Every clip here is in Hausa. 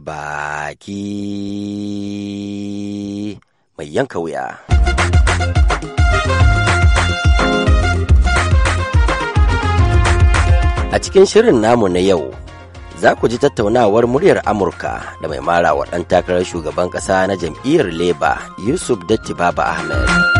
baki mai yanka wuya. A cikin shirin namu na yau, za ku ji tattaunawar muryar Amurka da mai mara wa ɗan takarar shugaban ƙasa na jam'iyyar Leba Yusuf Datti Baba Ahmed.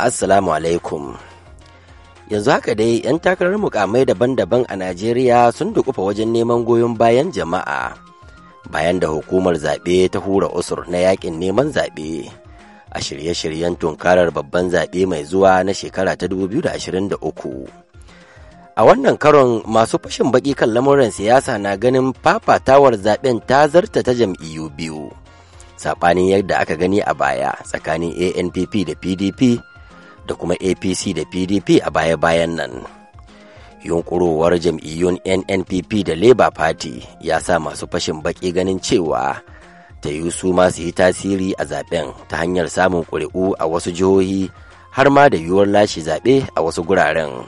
assalamu alaikum yanzu haka dai 'yan takarar mukamai daban-daban a najeriya sun dukufa wajen neman goyon bayan jama'a bayan da hukumar zaɓe ta hura usur na yakin neman zaɓe a shirye-shiryen tunkarar babban zaɓe mai zuwa na shekara ta 2023 a wannan karon masu fashin baƙi kan lamuran siyasa na ganin fafatawar zaɓen ta zarta ta jam'iyyu biyu saɓanin yadda aka gani a baya tsakanin anpp da pdp da kuma apc da pdp a baya-bayan nan yunkurowar jam'iyyun nnpp da labour party ya sa masu fashin baki ganin cewa ta yi su masu yi tasiri a zaben ta hanyar samun ƙuri'u a wasu jihohi har ma da yiwuwar lashe zaɓe a wasu guraren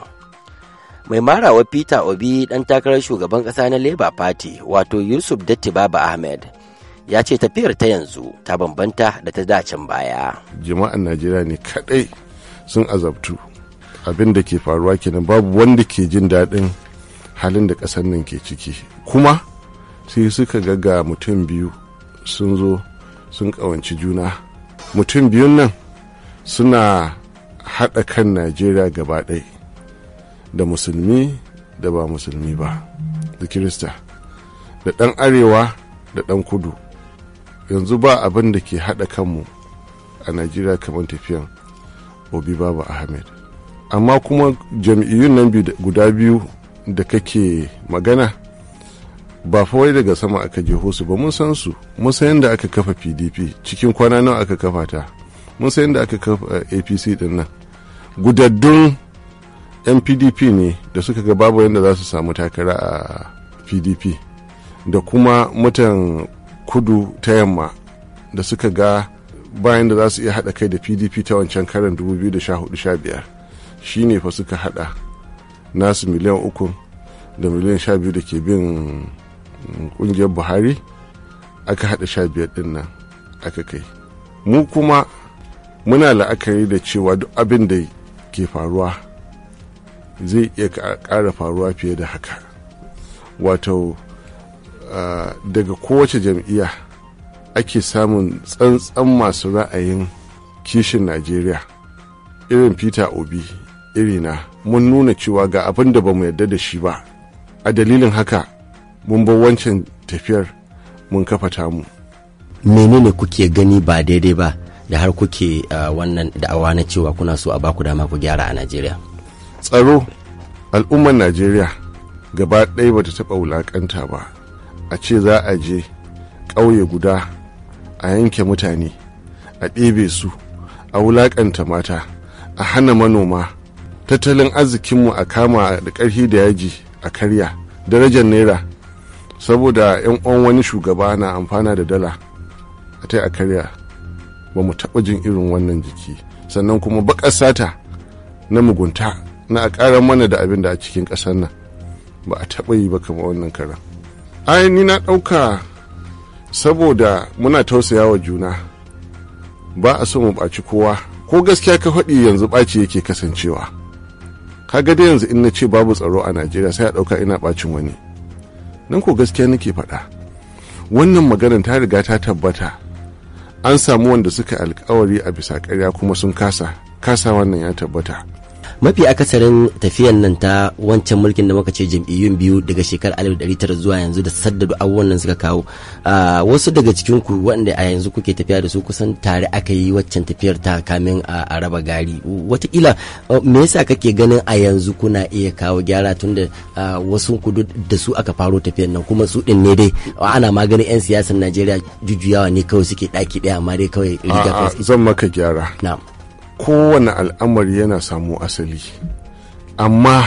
mai marawa peter obi ɗan takarar shugaban ƙasa na labour party wato yusuf dattibaba ahmed ya ce tafiyar ta yanzu ta bambanta da ta dacin baya jama'an najeriya ne kaɗai sun azabtu abin da ke faruwa kenan babu wanda ke jin daɗin halin da ƙasar nan ke ciki kuma sai suka ga ga mutum biyu sun zo sun ƙawanci juna mutum biyun nan suna haɗa kan najeriya gaba ɗai da musulmi da ba musulmi ba da kirista da ɗan arewa da ɗan kudu yanzu ba abin da ke haɗa kanmu a najeriya kamar tafiyan obi babu ahmed amma kuma jam'iyyun nan guda biyu da kake magana ba fawai daga sama aka jeho su ba mun san su mun san yadda aka kafa pdp cikin kwana nawa aka kafa ta mun san yadda aka kafa eh, apc din nan gudaddun yan pdp ne da suka ga babu yadda za su samu takara a pdp da kuma mutan kudu ta yamma da suka ga bayan da za su iya haɗa kai da pdp ta wancan karin 2014-15 shi ne fa suka haɗa nasu miliyan uku da miliyan sha biyu da ke bin ƙungiyar buhari aka haɗa sha biyar ɗin nan aka kai mu kuma muna la'akari da cewa duk abin da ke faruwa zai iya ƙara faruwa fiye da haka wato ah, daga kowace jam'iyya ake samun tsantsan masu ra'ayin kishin najeriya irin peter obi irina mun nuna cewa ga abin da ba mu yarda da shi ba a dalilin haka mun bar wancan tafiyar mun kafa tamu menene kuke gani ba daidai ba da har kuke wannan da'awa na cewa kuna so a baku dama ku gyara a najeriya tsaro al'ummar najeriya gaba ɗaya ba ta taɓa wulaƙanta ba a ce za a je ƙauye guda a yanke mutane a ɗebe su a wulaƙanta mata a hana manoma tattalin arzikinmu a kama da ƙarfi da yaji a karya darajar naira saboda 'yan uwan wani shugaba na amfana da dala a ta a karya ba mu taɓa jin irin wannan jiki sannan kuma baƙar sata na mugunta na a ƙara mana da abin da a cikin ƙasar nan ba a taɓa yi ba kamar wannan karan ai ni na ɗauka saboda muna tausaya wa juna ba a so mu baci kowa ko gaskiya ka faɗi yanzu ɓaci yake kasancewa kaga da yanzu in na ce babu tsaro a najeriya sai a ɗauka ina ɓacin wani nan ko gaskiya nake faɗa wannan maganar ta riga ta tabbata an samu wanda suka alkawari a bisa ƙarya kuma sun kasa kasa wannan ya tabbata mafi akasarin tafiyan nan ta wancan mulkin da muka ce jam'iyyun biyu daga shekarar 1900 zuwa yanzu da saddadu abubuwan nan suka kawo wasu daga cikin ku wanda a yanzu kuke tafiya da su kusan tare aka yi waccan tafiyar ta kamin a raba gari watakila me yasa kake ganin a yanzu kuna iya kawo gyara tun da wasu ku da su aka faro tafiyan nan kuma su din ne dai ana maganin yan siyasar najeriya jujjuyawa ne kawai suke daki daya amma dai kawai zan maka gyara na'am kowane al'amari yana samu asali amma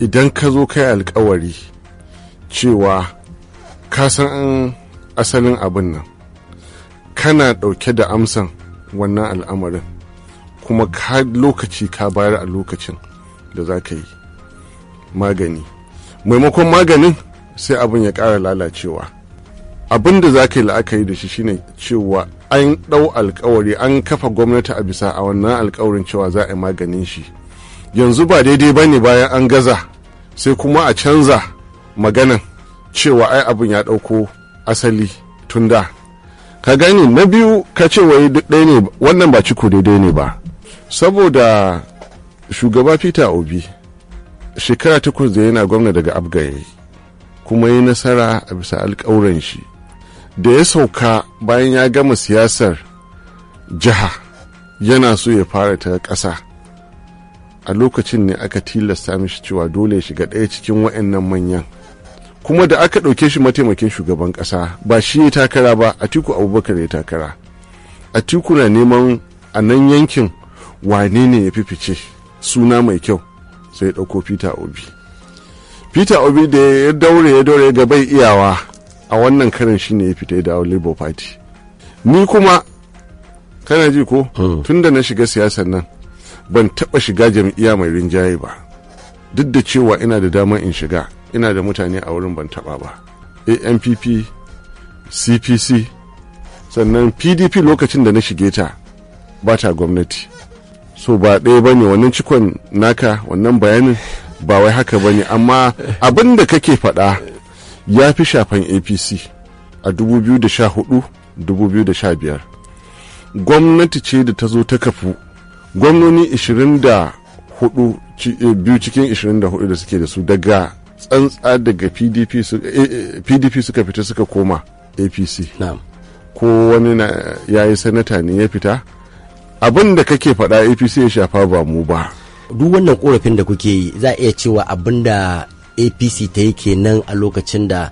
idan ka zo kai alkawari cewa ka san asalin abin nan kana ɗauke da amsan wannan al'amarin kuma ka lokaci ka bayar a lokacin da za ka yi magani maimakon maganin sai abin ya ƙara lalacewa abin da za ka yi la'akari da shi shine cewa an ɗau alkawari an kafa gwamnati a bisa a wannan alkawarin cewa za a maganin shi yanzu ba daidai ba ne bayan an gaza sai kuma a canza maganan cewa ai abin ya ɗauko asali tun da ka gani na biyu ka ce wai ɗaya ne wannan ba ciko daidai ne ba saboda shugaba peter obi shekara takwas da yana gwamna daga abgaye kuma yi nasara a bisa alkawuran shi da ya sauka bayan ya gama siyasar jiha yana so ya fara ta ƙasa a lokacin ne aka tilasta mishi cewa dole ya shiga ɗaya cikin wa'annan manyan kuma da aka ɗauke shi mataimakin shugaban ƙasa ba shi ya takara ba atiku abubakar ya takara atiku na neman a nan yankin wane ne ya fifice suna mai kyau sai dauko ɗauko peter obi peter obi da ya daure ya daure ga bai iyawa a wannan karin shine ya fita da labour party ni kuma kana ji ko hmm. tun da na shiga siyasar nan ban taba shiga jam'iyya mai rinjaye ba duk da cewa ina da dama in shiga ina da mutane a wurin ban taba ba ampp cpc sannan pdp lokacin da na shige ta ba ta gwamnati so ba ɗaya ba ne wannan cikon naka wannan bayanin ba wai haka ba ne amma abin da kake faɗa ya fi shafan apc a 2014-2015 gwamnati ce da ta zo ta kafu gwamnoni 24 eh, biyu cikin 24 da suke da su daga tsantsa daga pdp eh, eh, suka fita suka koma apc ko wani na ya yi sanata ne ya fita abin da kake faɗa apc ya shafa ba mu ba duk wannan korafin da kuke yi za a iya cewa abin da apc ta yi kenan a lokacin da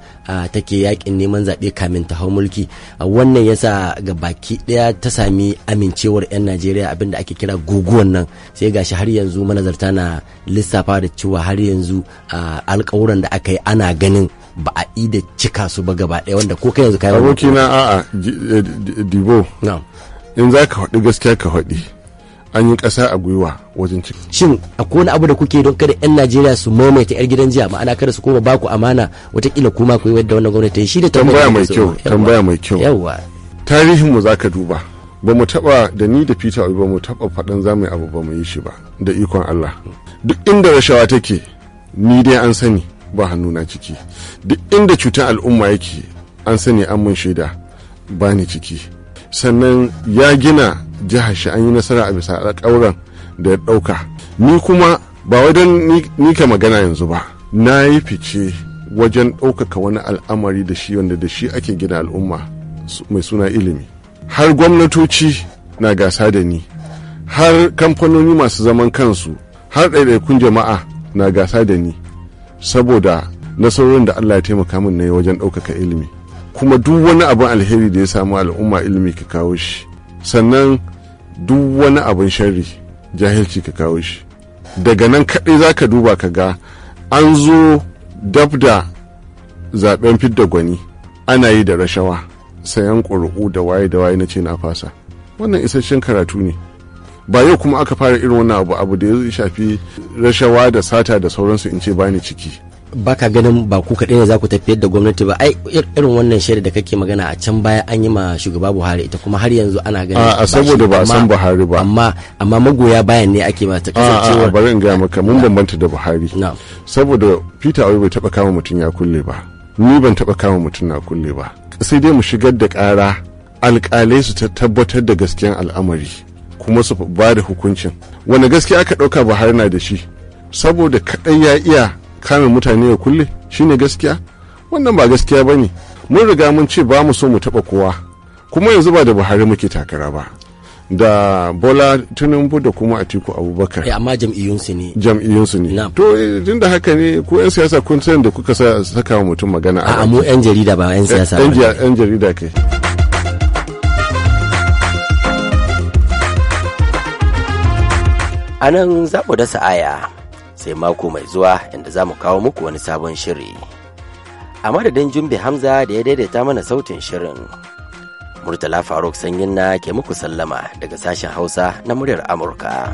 take yakin neman zaɓe kamin ta hau mulki wannan yasa ga baki ɗaya ta sami amincewar 'yan najeriya abinda ake kira guguwan nan sai gashi har yanzu manazarta na lissafa da cewa har yanzu alkawuran da aka yi ana ganin ba a da cika su ba gaba ɗaya wanda ko kai yanzu kayan abokina a'a eh, dibo in za ka faɗi gaskiya ka faɗi an yi ƙasa a gwiwa wajen ciki. Shin akwai wani abu da kuke don kada 'yan Najeriya su maimaita 'yar gidan jiya ma'ana kada su koma baku amana watakila kuma ku yi wadda wannan gwamnati shi da tambaya mai kyau tambaya mai kyau yawa tarihin mu zaka duba ba mu taba da ni da Peter Obi ba mu taba faɗan zamu abu ba mu yi shi ba da ikon Allah duk inda rashawa take ni dai an sani ba hannuna ciki duk inda cutar al'umma yake an sani an mun shaida ba ni ciki sannan ya gina jihar shi an yi nasara a bisa alƙawuran da ya ɗauka ni kuma ba wajen nika magana yanzu ba na yi fice wajen ɗaukaka wani al'amari da shi wanda da shi ake gina al'umma mai suna ilimi har gwamnatoci na gasa da ni har kamfanoni masu zaman kansu har ɗaiɗaikun jama'a na gasa da ni saboda nasarorin da allah ya taimaka min na wajen ɗaukaka ilimi kuma duk wani abin alheri da ya samu al'umma ilimi ka kawo shi sannan duk wani abin sharri jahilci ka kawo shi daga nan kaɗai za ka duba ka ga an zo dab da zaben fidda gwani ana yi da rashawa sayan ƙuri'u da waye da waye na ce na fasa wannan isasshen karatu ne ba yau kuma aka fara irin wannan abu abu da ya shafi rashawa da sata da sauransu in ce bani ciki baka ganin ba ku kaɗai ne za ku tafiyar da gwamnati ba ai irin wannan shaida da kake magana a can baya an yi ma shugaba Buhari ita kuma har yanzu ana ganin a saboda ba san Buhari ba amma amma magoya bayan ne ake ba ta kasancewa a bari in ga maka mun bambanta da Buhari saboda Peter awi bai taba kama mutum ya kulle ba ni ban taba kama mutum na kulle ba sai dai mu shigar da ƙara alƙalai su tabbatar da gaskiyan al'amari kuma su ba da hukuncin wani gaskiya aka ɗauka Buhari na da shi saboda kaɗai ya iya kame mutane ya kulle shine gaskiya wannan ba gaskiya ba ne mun riga mun ce ba mu so mu taɓa kowa kuma yanzu ba da buhari muke takara ba da bola tinubu da kuma atiku abubakar e, amma jam'iyyunsu ne jam'iyyunsu ne to eh, tun da haka ne ko 'yan siyasa kun san da kuka saka wa mutum magana a mu 'yan jarida ba 'yan siyasa ba 'yan jarida kai a nan zaɓo da sa'aya sai mako mai zuwa inda za mu kawo muku wani sabon shiri. A madadin Jumbe Hamza da ya daidaita mana sautin shirin. Murtala Faruk Sanyin na ke muku sallama daga sashen Hausa na muryar Amurka.